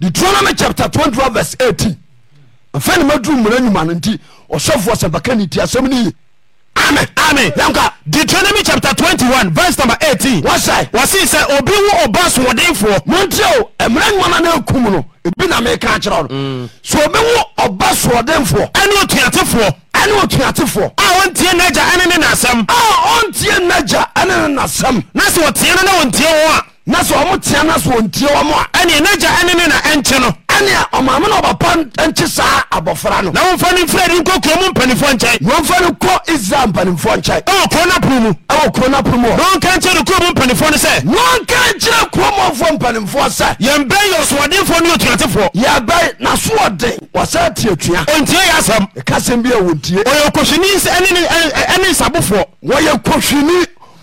deuteronomy chapter 21 verse 18 mfɛ ne maduru mmara nnwuma no nti ɔsɔfoɔ sɛmpaka ne nti asɛm no ye amen amen yanka deuteronomy chapter 21 verse number 18 wasae wɔsee sɛ obi wo ɔba soɔdenfoɔ montie o mmara nnwuma no na akum no ebi na meka kyerɛ no mm. sɛ obi wo ɔba soɔdenfoɔ ɛne ɔtuatefoɔ ɛne ɔtuatefoɔ a ɔntie n'agya ɛne ne nasɛm a ɔntie n'agya ɛne ne nasɛm na sɛ ɔteɛ no na ɔntie wo a na sɛ ɔmo tea na sɛ ɔntie wɔm a ɛne nagya ɛne ne na ɛnkye no ɛnea ɔmaame na ɔbapa nkye saa abɔfra no na wɔmfa no mfrɛ de nkɔ kuromu mpanimfoɔ nkyɛn na wɔmfa no kɔ israel mpanimfoɔ nkyɛn ɛwɔ kuro no apono mu ɛwɔ kuro no apono mu na wɔnka nkyerɛ no kuromu mpanimfoɔ no sɛ na wɔnka nkyerɛ kuromɔfoɔ mpanimfoɔ sɛ yɛmbɛ yɛ ɔsoɔdenfoɔ ne ɔtuatefoɔ yɛbɛ na so ɔden wɔsɛ te atua ɔntie yɛ asɛm ɛka sɛm bi a wɔntie ɔyɛ ɔkɔhwini ɛne nsabofoɔ wɔyɛ kɔhwini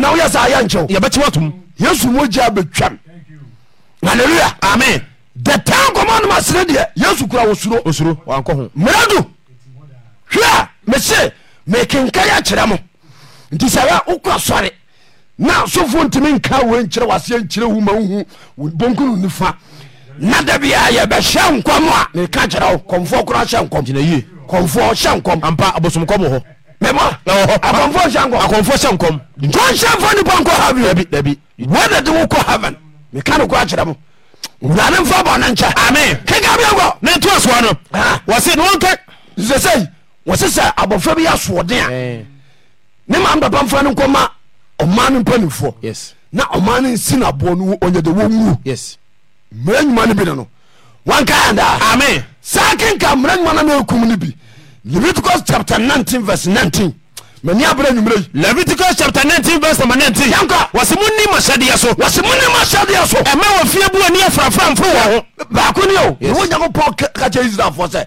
noyesyekeee kima tom yesui etam alea etosyesu ka sr adese ekea ecereik r oeoo mɛmɔ akɔnfɔ hyɛ nkɔm akɔnfɔ hyɛ nkɔm ntɔn hyɛ nfa nipa nkɔ haven dabi dabi wɔde de wo kɔ haven meka ne kɔ akyerɛ mo wurade mfa bɔ ne nkyɛ amen keka bi akɔ ne to asoa no wɔse ne wɔnkɛ sɛsɛi wɔse sɛ abɔfra bi yɛ asoɔden a ne ma mpapa mfa no nkɔma ɔma no mpanimfoɔ na ɔma no nsi no aboɔ no ɔnyɛ de wɔnwuo mmara nnwuma no bi ne no wanka yɛndaa amen saa kenka mmara nnwuma no na ɛkum no bi leviticus chapter nineteen verse 19 mani abere numero yi. leviticus chapter nineteen verse number 19. yanka wasi mu ni masadeɛ so. wasi mu ni masadeɛ so. ɛmɛ wɔ fiɲɛ bu oni afurafura nfun wɔ ho. baako ni o. yes n'o nyankopɔn kakyɛ israel fɔ sɛ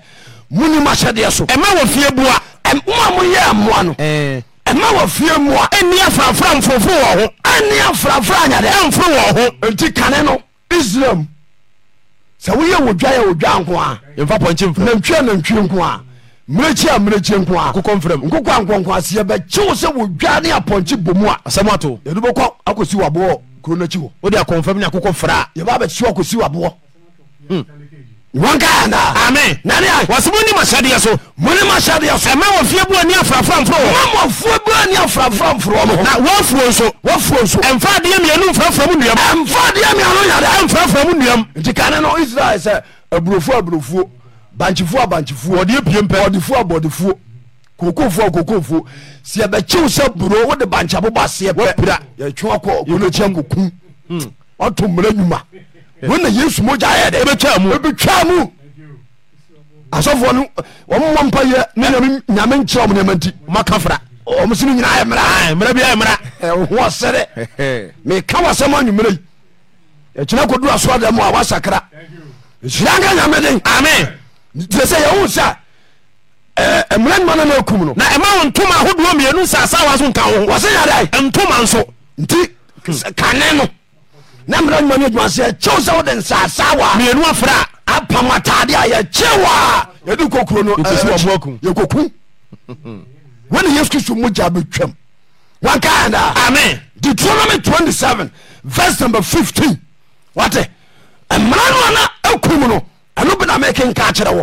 mu ni masadeɛ so. ɛmɛ wɔ fiɲɛ bua. ɛmu a mu yɛ ɛmua no. ɛɛ ɛma wɔ fie mua. ɛni afrafra nfofo wɔ ho. ɛni afrafra anyadɛ. ɛnfo wɔ ho. nti kane no islam sɛ woyɛ wodwa yɛ wodwa nko a. nfa pɔnkye nfa. nantwie mmerɛkyi a mmerɛkyi nko a nkokɔ mfrɛm nkokɔ a nkɔnkɔ aseɛ bɛkyew sɛ wɔdwa ne apɔnkye bɔ mu a asɛm ato yɛde bɛkɔ akɔsi waboɔ kuro no akyi hɔ wode akɔmfam ne akokɔ fra a yɛba bɛkyew akɔsi waboɔ hmm. wɔnkaana ame nane a wɔse mone mahyɛdeɛ so mone so ɛma wɔfie bua ne afrafra mforɔ mamɔfoɔ bua ne afrafra mforɔ no na wɔafuo nso wɔfuo nso ɛmfa adeɛ mmianu mfrafra mu nnuam ɛmfa adeɛ mmianu yade ɛmfrafra mu nnuam nti kane no israel sɛ aburofuo aburofuo bankyifuo abankyifuo ɔde pie mpɛ ɔdefuo abɔdefuo kokofuo kokofuo sɛ yɛbɛkyew sɛ buro wode bankyabo ba seɛ pɛ pira yɛtwe ko ɔkonokyia nkoku ɔto mmara nnwuma wona yesu mogya yɛ dɛ ɛbɛtwa mu ɛbɛtwa mu asɔfoɔ no ɔmomɔ mpa yɛ ne nyame nkyerɛ ɔmo nneɛma nti ɔmaka fra ɔmo sino nyinaa yɛ mmara mmara bi yɛ mmara ho ɔsɛre meka wasɛm anwummerɛ yi ɛkyena kɔduru asoadɛ mu a wasakra ɛhyira nka nyame amen Eh, eh, sɛ yao sɛ mra u nna ku no nma tomdn sasaoas tomso ono verse nue 5 ma nn ku no ɛno bina meke nka kyerɛ wɔ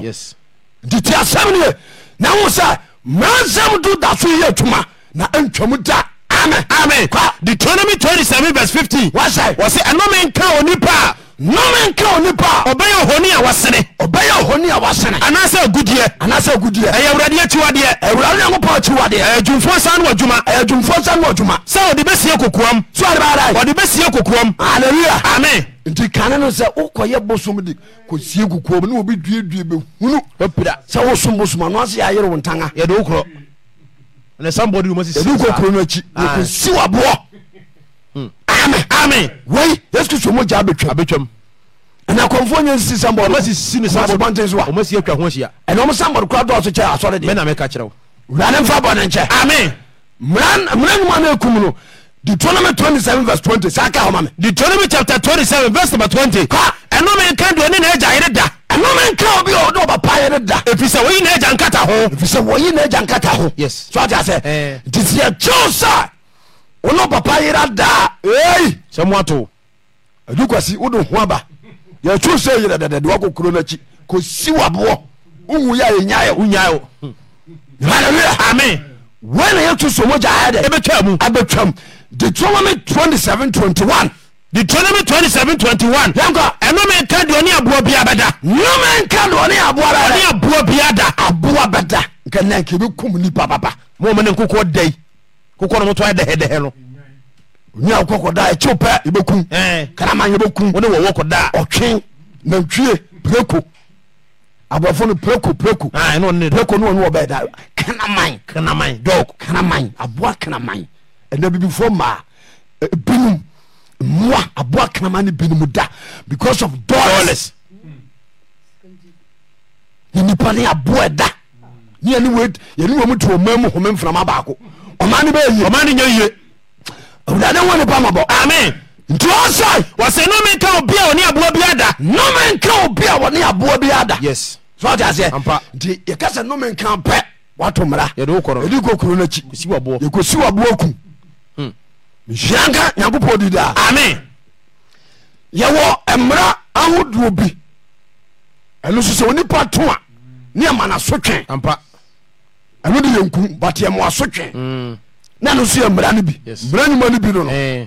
nti ti asɛm no ye na wo sɛ mansɛm do da so yɛ adwuma na ɛntwamu da amen amen deuteronomy 27 verse 15 wasɛ wɔse ɛnome nka onipa a nome nka onipa a ɔbɛyɛ ohoni a wasene ɔbɛyɛ ohoni a wasene anaasɛ agudeɛ anaasɛ agudeɛ ɛyɛ awurade akyiwadeɛ awurade nyankopɔn akyiwadeɛ ɛyɛ adwumfoɔ nsa no adwuma ɛyɛ adwumfoɔ nsa no adwuma sɛ ɔde bɛsie kokoam so ɔde bɛyɛ ɔde bɛsie kokoam hallelujah amen kaese okoye bosode se rsiaa noo ssaoaa oke eaunkum tm 2720t ae 2720da p ks odeei wọn yẹtu sọmọjà ayẹdẹ. ẹ bẹ twẹ mu. a bẹ twẹ mu Deuteronomy twenty seven twenty one. Deuteronomy twenty seven twenty one. yankun. ẹnu mi nka di ọni abuọ bi abada. ẹnu mi nka di ọni abuọ bẹ da. ọni abuọ bi ada. abuọ bẹ da. nka nan kì í bi kum ni bababa. mo mọ ne nkokɔ dẹ yi kokɔ nomu tọ́ ẹ dẹhẹ dẹhẹ no. ní àwọn kọkọ da ẹkyẹw pẹ ẹ bẹ karama yẹ bẹ kun. wọn ni wọwọ kọ da. ọtwin nantwie pẹlẹko aborɔfo no prako prako prako ne ɔne wɔbɛɛ da kanaman kanaman dog kanaman aboa kanaman ɛna bibifoɔ mmaa binom mmoa aboa kanaman ne binom da because of dollars ne nipa ne aboa da ne yɛne wei yɛne wɔ mu te ɔma mu home mframa baako ɔma ne bɛyɛ ɔma ne nya yie awurade wɔ nipa mabɔ amen nti ɔsɛ wɔsɛ nome nka obi a wɔne aboa bi ada nome nka obi a wɔne aboa bi ada yes sɔɔte aseɛ nti yɛka sɛ nome nka pɛ wato mmara yɛde kɔ kuro no akyi yɛkɔsi waboa ku nhyira nka nyankopɔn di daa ame yɛwɔ mmara ahodoɔ bi ɛno so sɛ onipa to a ne ɛma naso twen ɛno de yɛnku but yɛmoaso twen hmm. na ɛno so yɛ mmara no bi mmara nnwuma no bi no no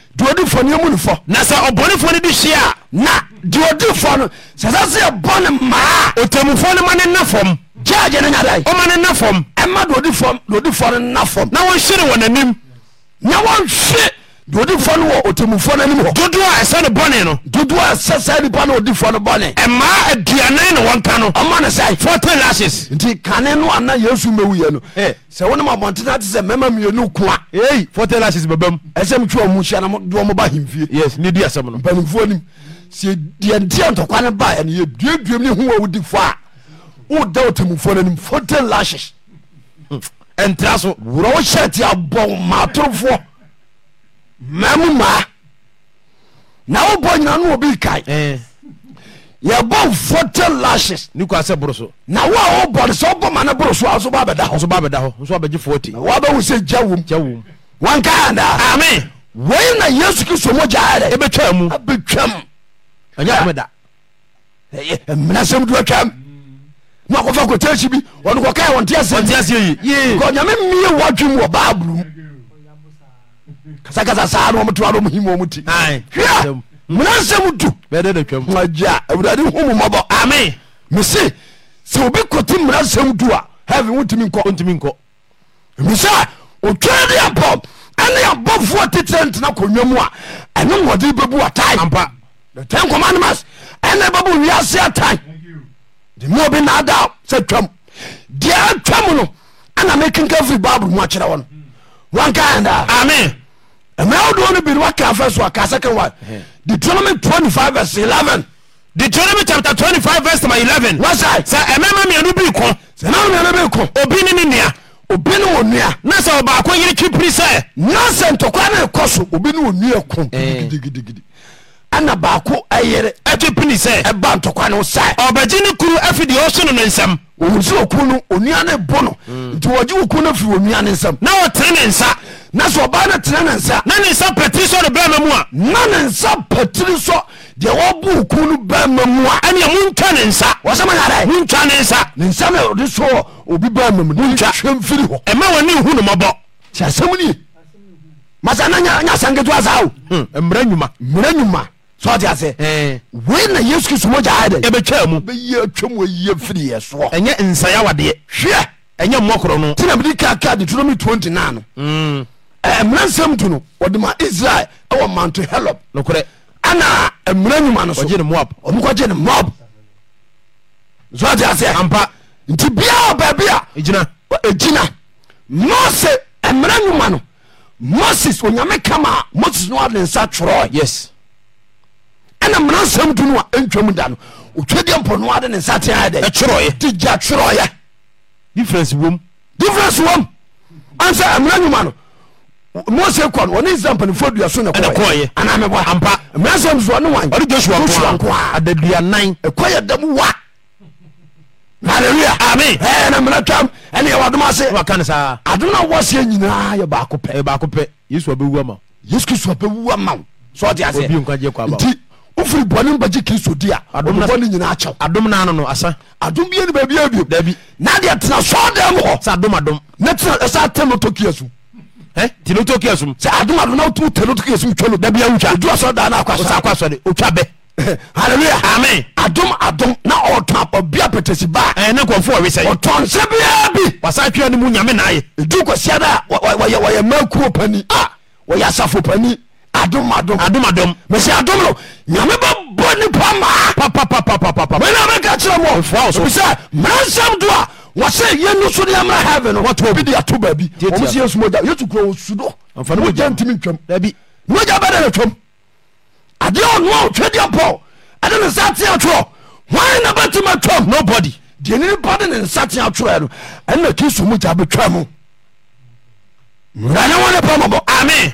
deodifo ne mu nefɔ na sɛ ɔbɔnefoɔ no de hye a na deodifo no sɛ sɛ sɛ ne maa ɔtamufoɔ no ma ne nna fam gyaagye no nyadae ɔma ne nna fam ɛma deodifo no nna fam na wɔnhyere wɔ n'anim na wɔnhye odifo no wɔ otemufo no anim hɔ dodoɔ ɛsɛ no bɔne no dodoɔ ɛsɛ sɛ nipa no odifo no bɔne ɛmaa aduane ne wɔnka no ɔma ne sɛ fourteen lashes nti kane no ana yesu mɛwuyɛ no ma wonem abɔntena te sɛ mɛma mmienu ko a ei fourteen lashes bɛbam ɛsɛ metwe mu hyia na doɔ mo ba hemfie yes ne di asɛm no mpanimfoɔ nim sɛ deɛ nteɛ ntɔkwa no ba ɛne yɛ duaduam ne ho a wodifo a woda otemufo no anim fourteen lashes hm. ɛntra so worɛ wo hyɛ te abɔ maatorofoɔ mamu maa na wobɔ nyina no wɔbi kae eh. yɛbɔ 40 lashes boro so na wo a wobɔne sɛ ma no boro so a so hɔ so hɔ 40 wum. Ami. na yesu kristo mu gyaa dɛ ɛbɛtwa mu a. ɛnyɛ ame da na akɔfa si bi ɔno kɔkae wɔnteaseɛ yi nyame mmie mu kasakasa na ɔmotoma no ɔmuhimu ɔmu ti hwɛ mmeransɛm hmm. du agya awurade hu mu mmɔbɔ ame mese sɛ obi kote mmeransɛm du a heaven wontumi nkɔ nkɔ misɛ otwa de abɔ ɛne abɔfoɔ tetere ntena konwa mu a ɛne mmɔde bɛbu atae the ten commandments ɛne bɛbu wiase atae de mu obi naada sɛ twam deɛ atwam no ana mekenka firi bible mu akyerɛ wɔ no wankaɛndaa amen mɛwodoɔ no bine waka first one ka second one deuteronomy 25 verse 11 deuteronomy chapter 25 verse number 11 wasa sɛ ɛmɛma mmienu bi ko sɛ ɛmɛma mmienu bi ko obi ne ne nua obi ne wɔ nua na sɛ ɔbaako yere twipiri sɛ na sɛ ntɔkwa ne ɛkɔ so obi ne wɔ nua ko gidigidigidi ɛna baako ɛyere ɛtwe pini sɛ ɛba ntɔkwa no sɛ ɔbɛgye ne kuru afi deɛ ɔso no no nsɛm ɔhu oku no onua ne bo no mm. nti wɔgye wɔku no afiri onua ne nsɛm na ɔtene ne nsa na sɛ ɔbaa no tena ne nsa na ne nsa patiri sɔ ne bɛrima mu a na ne nsa patiri sɔ deɛ wɔbu oku no bɛma mu a ɛnea montwa ne nsa wɔsɛm nyadae montwa ne nsa ne nsɛm na ɔde so wɔ obi bɛma mu montwa hwɛ mfiri hɔ ɛma wɔne hu no mɔbɔ sɛ asɛm nie masa na nya sanketo asa o mmara nwuma mmara nwuma sọọdi ase. wei na yesu kristu mo jaa de. ebe twɛ mu. bɛ yi atwa mu eyi efiri yɛ soɔ. ɛnyɛ nsaya wadeɛ. hwɛ. ɛnyɛ mɔkɔrɔ no. tina bi di kaka di tulomi twenty nine. ɛɛ mm. mìíràn sɛm tunu ɔdi ma israel ɛwɔ mantu helop. nukurɛ. ɛna mìíràn ɲuman so. ɔjɛ ni moab. ɔmu kɔ jɛ ni moab. sọọdi ase. anpa. nti biya bɛɛbi a. ejina. ejina. mɔɔse mìíràn ɲuman moses onyame kama moses ni wa ne nsa yes. n ma sem t n a da a d po ne e saaree ne edo wofiri bɔne mbagye kristo di a bɔne nyinaa kyɛw adom na ano no asa adom bie ne baabi abio dabi na deɛ tena sɔɔ dɛm hɔ sɛ adom adom na tena ɛsɛ atɛm no tokia sum tene tokia sum sɛ adom adom na wotum tɛ no tokia sum twɛ no dabi awotwa odu asɔ da no akɔsakɔ asɔde otwa bɛ halleluya amen adom adom na ɔtɔn ɔbia pɛtɛsi ba ɛnɛ nkɔfo ɔwe sɛ ɔtɔn nsɛ biaa bi wasa twɛ no mu nyame naayɛ ɛdu kɔsiada wɔyɛ wɔyɛ makuo pani a wɔyɛ asafo pani adomadom mese adom no nyame bɛbɔ nipa maamene mɛka kyerɛ mɔbisɛ mmeransɛm do a wɔsɛ yɛno so ne yɛmmra heaven bi de ato baabi ɔmsɛ yɛsum ogya yɛtu kura ɔsu do wogya ntimi ntwam na ogya bɛda na twam adeɛ ɔnoa ɔtwadeɛ pɔ ɛde ne nsa tea twerɛ hwan na bɛtumi atwam nobody deɛ ne nipa de ne nsa tea twerɛ no ɛnna kristo mu gya bɛtwa mu wurade wɔ ne pamɔbɔ amen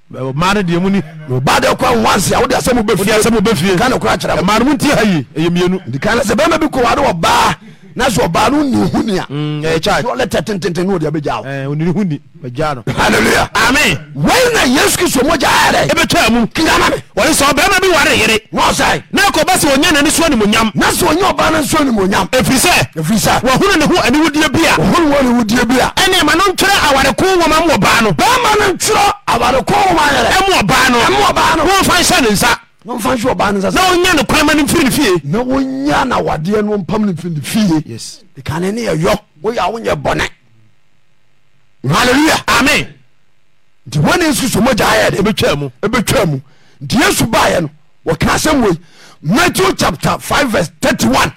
maare deɛ mu ni. ba de kɔ wansi awo de asɛm bɛ fie. o de asɛm bɛ fie. kan de kɔ akyerɛ mu. maare mu ti ha yi. eye mienu. nti kan de sɛ bɛrɛ bɛ bi kɔ wa de wɔ baa. ba nni hnam ena ye krioa bɛkamuamasɛbɛma bi wareyere nakbase aya nane sanemuyam y bsanya firi sɛ hne nehoaneodi bi ɛnema no nkwerɛ aware ko wma mbano anɛ mba nofa sɛne sa na ɔmfa nhwe ɔbaa no nsa na ɔnya no kwan ma no mfiri ne fie na wonya na wadeɛ no ɔmpam no mfiri ne fie ekane ne yɛyɔ woyɛ a wonyɛ bɔne halleluya amen nti wane nso so mogya ayɛ de ɛbɛtwa mu ɛbɛtwa mu nti yesu baeɛ no wɔka asɛm wei matthew chapter five, verse thirty-one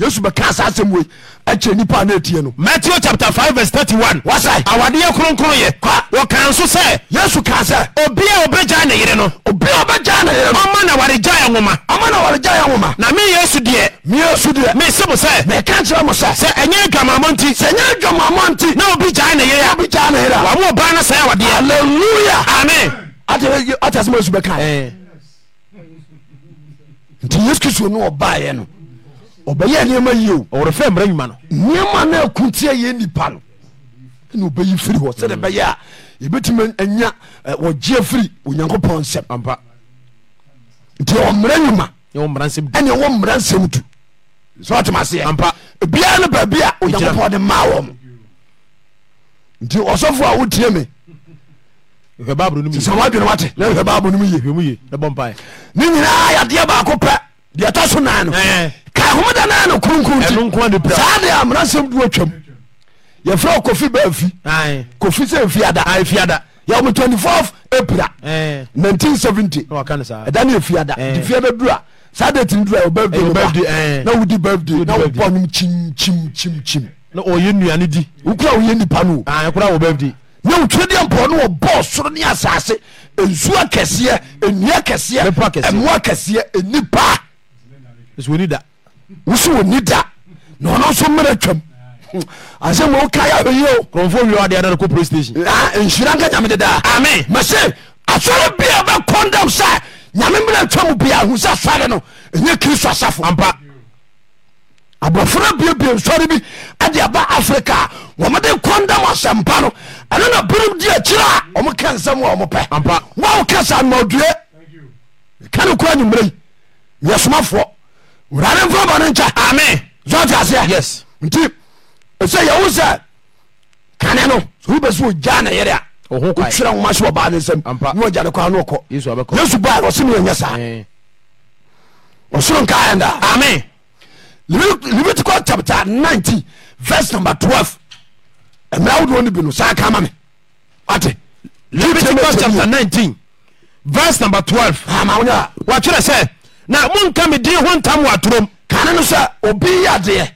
yesu bɛka saa wei akyerɛ nipa na atie no matthew chapter 5 verse 31 wasae awadeɛ kronkron yɛ kwa wɔkaa nso sɛ yesu kaa sɛ obi a ne yere no obi a ɔbɛgyaa ne yere no ɔma na waregyae nwoma ɔma na waregyae nwoma na me yesu deɛ me yesu deɛ mese mo sɛ meka kyerɛ mo sɛ sɛ ɛnyɛ adwamammɔ nti sɛ ɛnyɛ adwamammɔ nti na obi gyae ne yere a obi gyae ne yere a wamo ɔbaa no sɛe awadeɛ alleluya amen ate asɛm yesu bɛkaɛ nti yesu kristo ne ɔbaeɛ no ɔbɛyɛ nneɛma yi o ɔwɔrɔfɛ mmerɛ nwuma no nneɛma no kuntia yɛ nipa no ɛna ɔbɛyi firi hɔ sɛdeɛ bɛyɛ a yɛbɛtumi anya wɔgyeɛ firi onyankopɔn nsɛm ampa nti ɔmmerɛ nwuma ɛne ɛwɔ mmara nsɛm tu sɛ ɔtem aseɛ ampa biara no baabi a onyankopɔn de maa wɔ mo nti ɔsɔfoɔ a wotie me sɛ woadwene wate na hwɛ baabo no mu ye ne nyinaa yɛdeɛ baako pɛ d sokahodanno rroaemasɛm dtwam yɛfrɛkofi bafi f sɛfida 2 pra 70ftwdmp no bɔ sorone asase sua kɛsɛ nua ksɛaksɛ npa woso woni da na ɔno nso mmerɛ twam asɛ ma wokaɛ ahweyio nhyira nka nyame dedaa ame mɛse asɔre bia bɛkɔndam sɛ nyame mmerɛ twa mu bia hu sɛ asɔre no ɛnyɛ kristo asafo ampa abɔfra biabia nsɔre bi ade aba afrika a wɔmode kɔndam asɛmpa no ɛno na berem di akyirɛ a ɔmo ka nsɛm wɔ ɔmo pɛ wa Thank sa nomaodue ka no kora nyimmerɛ yi yɛ somafoɔ cha m s nt e yose kan ea yeryesuy r leviticos chapte verse nube t ad kaa r mokamede ho tam wa atrom kane no sɛ obe ya deɛ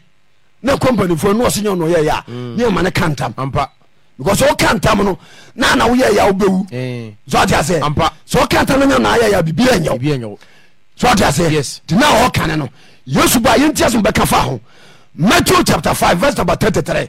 napnɛa kaaka ta anawoyɛaa kane asbɛka faho33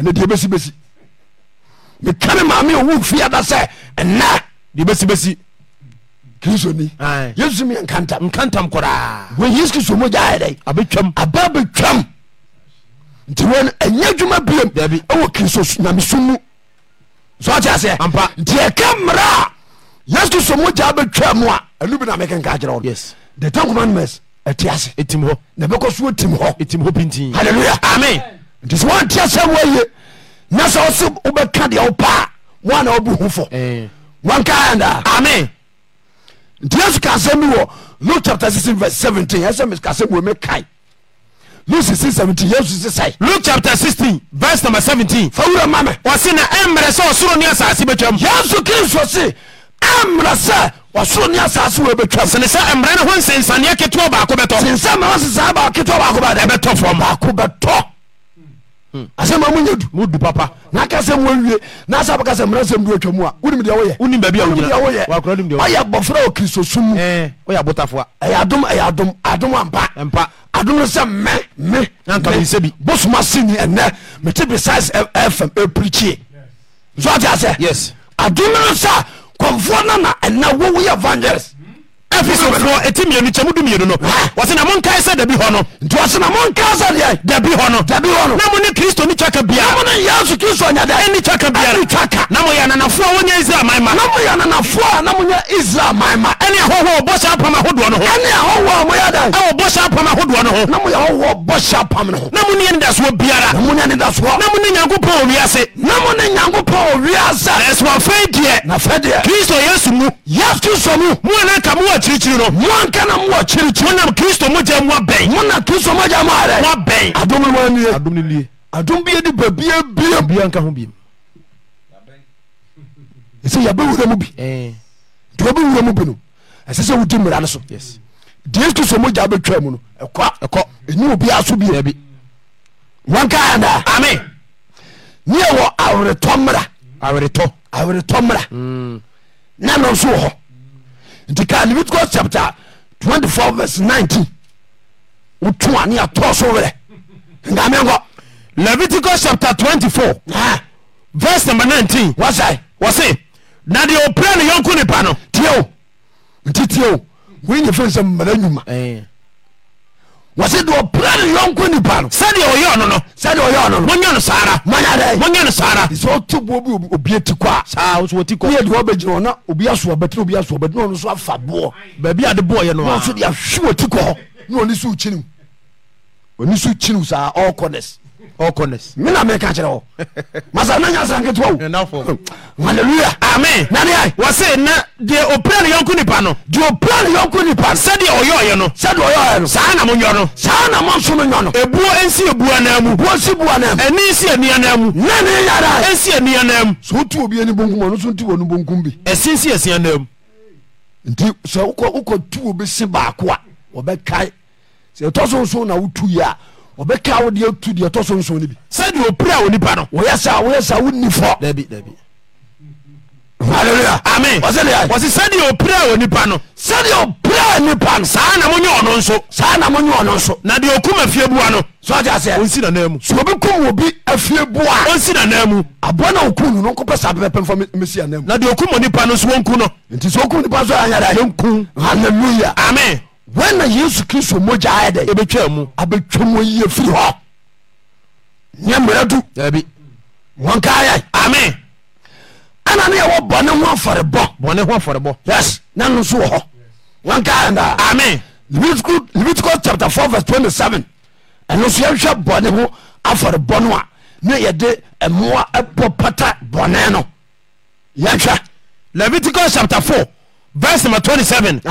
besibesi meka mmfide se na esiesi oeeye u bwkrisoasonu otstkemr yeski soa ea lm seea es kise e se srseea i sa ke asɛm a munya du mudu papa na aka sɛ muawie na asɛ bɛka sɛ mmara sɛm du atwa mu a wonim deɛ woyɛ wonim baabi a wogyina woyɛ ɔyɛ bɔfra wɔ kristo som mu ɛyɛ eh, abotafoa ɛyɛ eh, adom ɛyɛ eh, adom adom ampa mpa adom no sɛ me me ankaisɛ bi bosoma sini ɛnɛ mete besides fm ɛpirikyie e so ate asɛ yes adom no sɛ kɔmfoɔ no na ɛnɛ wowo yɛ evangelist ɛfisofo ɛti mmienu kyɛ mu du mmienu no wɔsi na mo nkae sɛ dabi hɔ no. nti na mo nkae sɛ deɛ. dabi hɔ no dabi hɔ no. na ni kristo ni twaka bia. na ni yasu kristo nyada. ɛni twaka bia ɛni twaka. na mo yɛ ananafo a israel man ma. na mo yɛ ananafo israel man ɛni ahɔhɔ bɔhyɛ apam ahodoɔ no ho. ɛni ahɔhɔ a mo dɛ. ɛwɔ bɔhyɛ apam ahodoɔ no ho. na yɛ ahɔhɔ bɔhyɛ apam no ho. na ni anidasoɔ biara. na ni anidasoɔ. na mo ni nyankopɔn owiase. na mo ni nyankopɔn owiase. ɛsɛ wɔ deɛ. na fɛn deɛ. kristo yesu mu. yasu kristo mu. mu yɛn ka akyirikyiri no mo anka na mowɔ akyirikyiri monam kristo mogya mu abɛn monam kristo mogya mu arɛ moabɛn adom no anie adom no nie adom bia de babia biam bia nka ho biam ɛsɛ yɛbɛwura mu bi nti wɔbɛwura mu bi no ɛsɛ sɛ wodi mmara no so deɛ kristo mogya bɛtwa mu no ɛkɔ ɛkɔ ɛnyɛ obiaa so bia bi wanka anaa ame neɛ wɔ aweretɔ mmara aweretɔ aweretɔ mmara mm. na no nso wɔ hɔ nti ka leviticus chapter 24 verse 19 wotua ne yɛtɔ so werɛ nkamenkɔ leviticus chapter 24 verse number 19 wɔsɛe wɔse na deɛ ɔpira ne yɔnko nipa no tie o nti tie o woinyɛ fɛn sɛ mmara nwuma wɔsi de ɔpira ne yɔnko nipa no. sɛdeɛ ɔyɛ ɔno no. sani ɔyɛ ɔno no. mɔnyɛ no saara. mɔnyɛ dɛ. mɔnyɛ no saara. sɛ ɔtu bu obi obi eti kɔ a. saa o sɔ ti kɔ. n'iye de ɔbɛ gyina ɔna obi aso ɔbɛ tiri obi aso ɔbɛ tiri ɔno nso afa boɔ. bɛɛbi adi boɔ yɛ no a. n'ɔnso de asu ɔti kɔ hɔ n'oni so kyiniw oni so kyiniw saa all corners. menamekekerɛo snayasakete m pannnynnotuobn n sssn wokatuobesen bakoa obɛkai ɛtososona wotoyia ɔbɛka wo deɛ tu deɛ ɛtɔ so nson no bi sɛdeɛ ɔpira wo nipa no wɔyɛ sa wɔyɛ sa wonni fɔ dabi dabi hallelujah amen wɔsi deɛ wɔsi sɛdeɛ ɔpira wo nipa no sɛdeɛ ɔpira nipa no saa na mo nyɛ ɔno nso saa na mo nyɛ ɔno nso na deɛ okum afie bua no sɔɔdi ase onsi na nan mu so obi kum obi afie bua onsi na nan mu aboa na okun no nko pɛ saa bɛbɛ pɛn fɔ mesi anan mu na deɛ okum nipa no nso wɔn kun no nti sɛ okum nipa nso yɛ anyada yɛ nkun hallelujah amen. you yesu your moja ayɛ dɛ ebetwa mu abetwa mu yie firi hɔ nyɛ mmerɛ du dabi wɔn ka ayɛ amen ɛna ne yɛwɔ bɔne ho afɔrebɔ bɔne ho afɔrebɔ yes na no nso wɔ hɔ wɔn ka ayɛ amen leviticus leviticus chapter four verse twenty seven ɛno nso yɛhwɛ bɔne ho afɔrebɔ no a ne yɛde mmoa ɛbɔ pata bɔne no yɛhwɛ leviticus chapter four verse number twenty seven.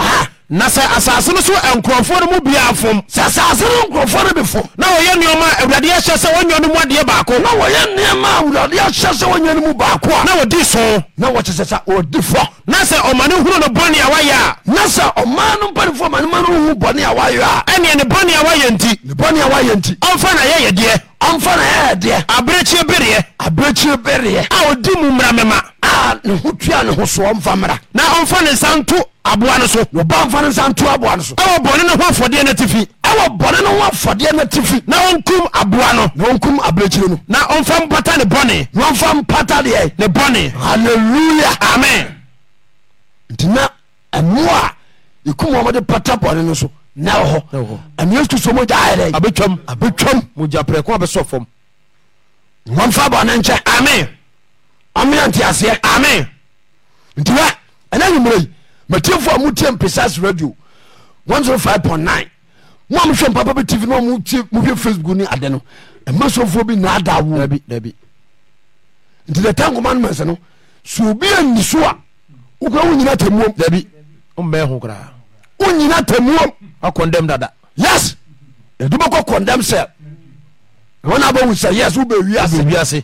na sɛ asase no so nkurɔfoɔ no mu bia fom sɛ asase no nkurɔfoɔ no bi na wɔyɛ nneɔma awurade ahyɛ sɛ wɔnyɛ no mu adeɛ baako na wɔyɛ nneɛma awurade ahyɛ sɛ wɔnyɛ no mu baako a na wɔdi so na wɔkye sɛ sɛ wɔdi fɔ na sɛ ɔmane hunu no bɔne a wayɛ a na sɛ ɔma no mpanifoɔ ma noma no hu bɔne a wayɛ a ɛneɛ ne bɔne a wayɛ nti ne bɔne a wayɛ nti ɔmfa na yɛyɛdeɛ ɔmfa na yɛyɛdeɛ aberɛkyie bereɛ aberɛkyie bereɛ a ɔdi mu mmaramema ɔfa ne ho tua ne ho soɔ mfa mmra na ɔmfa ne nsa nto aboa no so na ɔba mfa ne nsa nto aboa no so ɛwɔ bɔne no ho afɔdeɛ no atifi ɛwɔ bɔne no ho afɔdeɛ no atifi na ɔnkum aboa no na ɔnkum abirekyire no na ɔmfa mpata ne bɔne na ɔmfa mpata deɛ ne bɔne halleluya amen nti na ɛnoa a ɛkum ɔmɔde pata bɔne no so na wɔ hɔ ɛneɛ kristo mogya ayɛ dɛ abɛtwam abɛtwam mogya prɛko abɛsɔ fam wɔmfa bɔne nkyɛ amen amenantiaseɛ amen nti wa ɛna nwummerɛ yi matiefo a motie mpisas radio 105.9 mo a mohwɛ mpapa bi tv na mohwɛ facebook ne ade no ɛma sofoɔ bi naada woa bi nti the time commandments no sɛ obi anni so a wokora wonyina tamuom dabi ho koraa wonyina tamuom akɔndɛm dada yes ɛdubɛkɔ condemn sɛ ɛwɔna bɛwu sɛ yes wobɛwiase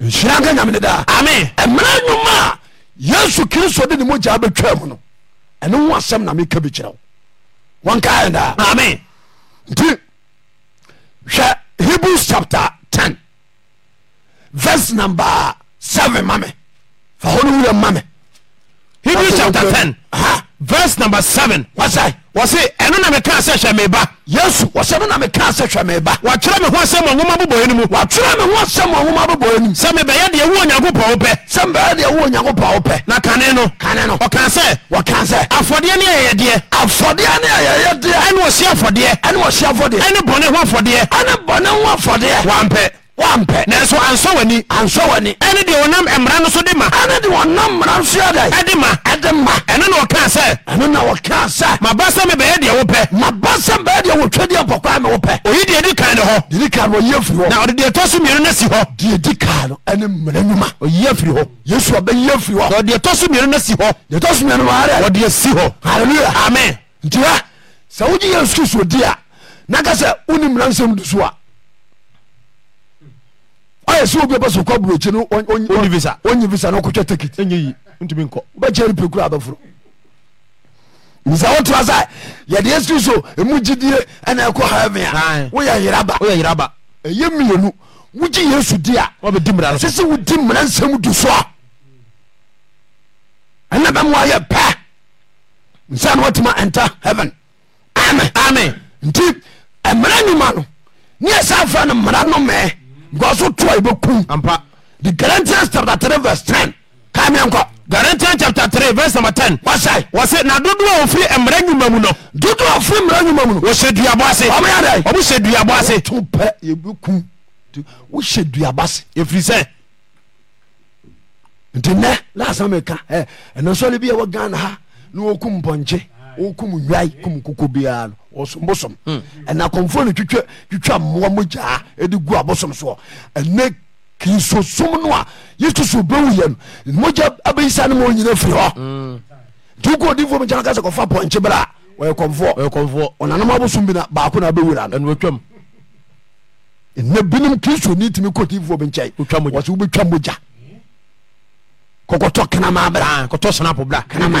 sameda am emera oma yesu kristo denemu jibe tahno ene wasem na me kebi jere wankadah ame nti e hebrews chapter 10 verse numbe se mame fa hone were mame hebrs chap0 verse number seven. wasa wɔsi ɛnu na mi kan sɛ hwɛ mi ba. yesu wɔsi ɛnu na mi kan sɛ hwɛ mi ba. wɔatwerɛ mi ho asɛm wɔ nwoma bubɔ enimu. wɔatwerɛ mi ho asɛm wɔ nwoma bubɔ enimu. sɛmi bɛyɛ deɛ wuo nyanko pɔw pɛ. sɛmi bɛyɛ deɛ wuo nyanko pɔw pɛ. na kane no. kane no. ɔkan sɛ. wɔkan sɛ. afɔdeɛ ni ɛyɛdeɛ. afɔdeɛ ni ɛyɛdeɛ. ɛni wɔsi afɔdeɛ. ɛni wɔsi afɔdeɛ. ɛni bɔnɛ ho afɔdeɛ. ɛni bɔnɛ ho afɔdeɛ. wɔampɛ wampɛ nanso ansɔ w'ani ansɔ w'ani ɛne deɛ ɔnam mmara no so de ma ɛne deɛ ɔnam mmara no so yɛdɛ ɛde ma ɛde ma ɛno na ɔkaa sɛ ɛno na ɔkaa sɛ maba sɛ mebɛyɛ deɛ wopɛ maba sɛ mbɛyɛ deɛ wotwa deɛ mpɔkwa me wopɛ oyi deɛ di kan ne hɔ deɛ di kan no ɔyi afiri hɔ na ɔde deɛ ɛtɔ mmienu no si hɔ deɛ di kan no ɛne mmara nnwuma ɔyi afiri hɔ yesu ɔbɛyi afiri hɔ na ɔde ɛtɔ so mmienu no si hɔ deɛ ɛtɔ mmienu no ara ɔde asi hɔ hallelujah amen nti hɛ sɛ wogye yesu kristo di a na ka sɛ wone mmara nsɛm du so a s e ye o mi er yeiu woji yesu dease wdirasmdo s nebeye pe s tma nte eve mra nua sa fran ra nka so toa yɛbɛkum ampa the galatians chapter 3 verse 10 ka meɛnkɔ galatians chapter three verse number 10 wɔsɛe wɔse na dodoɔ a ɔfiri mmara nnwuma mu no dodoɔ a ɔfiri mmara nnwuma mu no wɔhyɛ duabɔ ase ɔmoyɛdɛ ɔmo hyɛ duabɔ ase to pɛ yɛbɛkum wohyɛ duabɔ ase ɛfiri sɛ nti nɛ laasɛm meka ɛnasɔre bi a wɔ ghana ha na wɔkum mpɔnkye wɔkum nnwae kum koko biara no bosom ɛna akɔmfoɔ no twitwa twitwa mmoa mu gyaa ɛde gu abosom soɔ ɛnɛ kristo som no a yesu so bɛwu yɛ no mogya abɛyisa no ma ɔnyina firi hɔ nti wokɔ odifoɔ mekyana ka sɛ kɔfa pɔnkye berɛ a ɔyɛ kɔmfoɔ ɔnanom abosom bi na baako na abɛwura no ɛnɛ binom kristo ne tumi kɔ difoɔ bi nkyɛn wɔsɛ wobɛtwa mogya kɔkɔtɔ kenama bra ah, kɔtɔ snapo bra kenama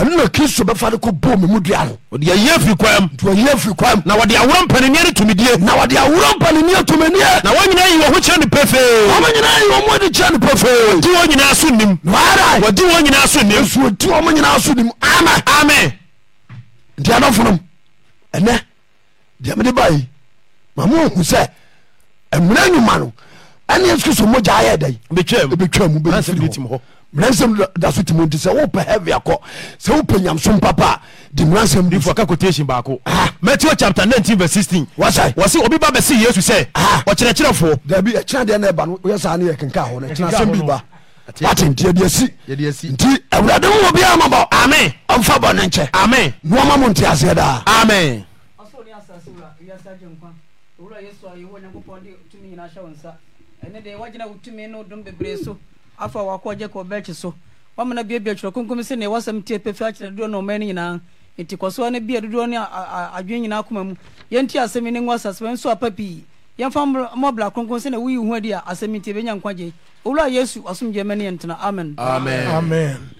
ɛno na kristo bɛfa de kɔbɔ me mu dua no ɔde ayɛ firi kwam nti ɔyɛ firi kwam na wɔde aworɔ mpaneneɛ ne tumidie na wɔde aworɔ mpaneneɛ tumaniɛ na wɔn nyinaa yi wɔn ho kyerɛ ne pefee wɔn nyinaa yi wɔn ani kyerɛ ne pefee wɔdi wɔn nyinaa so nim wara wɔdi wɔn nyinaa so nim nso wɔdi wɔn nyinaa so nim amen amen nti adɔfo nom ɛnɛ deɛ mede ba yi ma mo hu sɛ ɛmuna nnwuma no ɛne yesu kristo mogya ayɛ dɛ ebetwa mu ebetwa mu bɛ mmeransɛm da so nti sɛ wopɛ heavy akɔ sɛ wopɛ nyamsom papa a de mmeransɛm difo aka quotation baako matthew chapter 19 verse 16 wasae wɔ obi ba bɛse yesu sɛ ɔkyerɛkyerɛfoɔ daabi ɛkyena deɛ na ɛba no woyɛ saa ne yɛkenka ho no kyena bi ba watenteɛ de asi nti awurade mu wɔ biara mabɔ amen ɔmfa bɔ ne nkyɛ amen na wɔma nte aseɛ daa amen ɛne deɛ wagyina wo tumi no dom bebree so afa wakɔ gye kɔ bɛkyi so wamana biabia twerɛ konkom sɛ ne wasɛm tie pɛfi akyerɛ dodoɔ na ɔma no nyinaa nti kɔsoa no bia dodoɔ ne adwene nyinaa koma mu yɛnti asɛm ne ngo asasɛm nso apa pii yɛmfa mmɔbra kronkron sɛ na woyi ho adi a asɛm nti bɛnya nkwagye owura yesu asomgyeɛ ne yɛntena amen amen, amen. amen.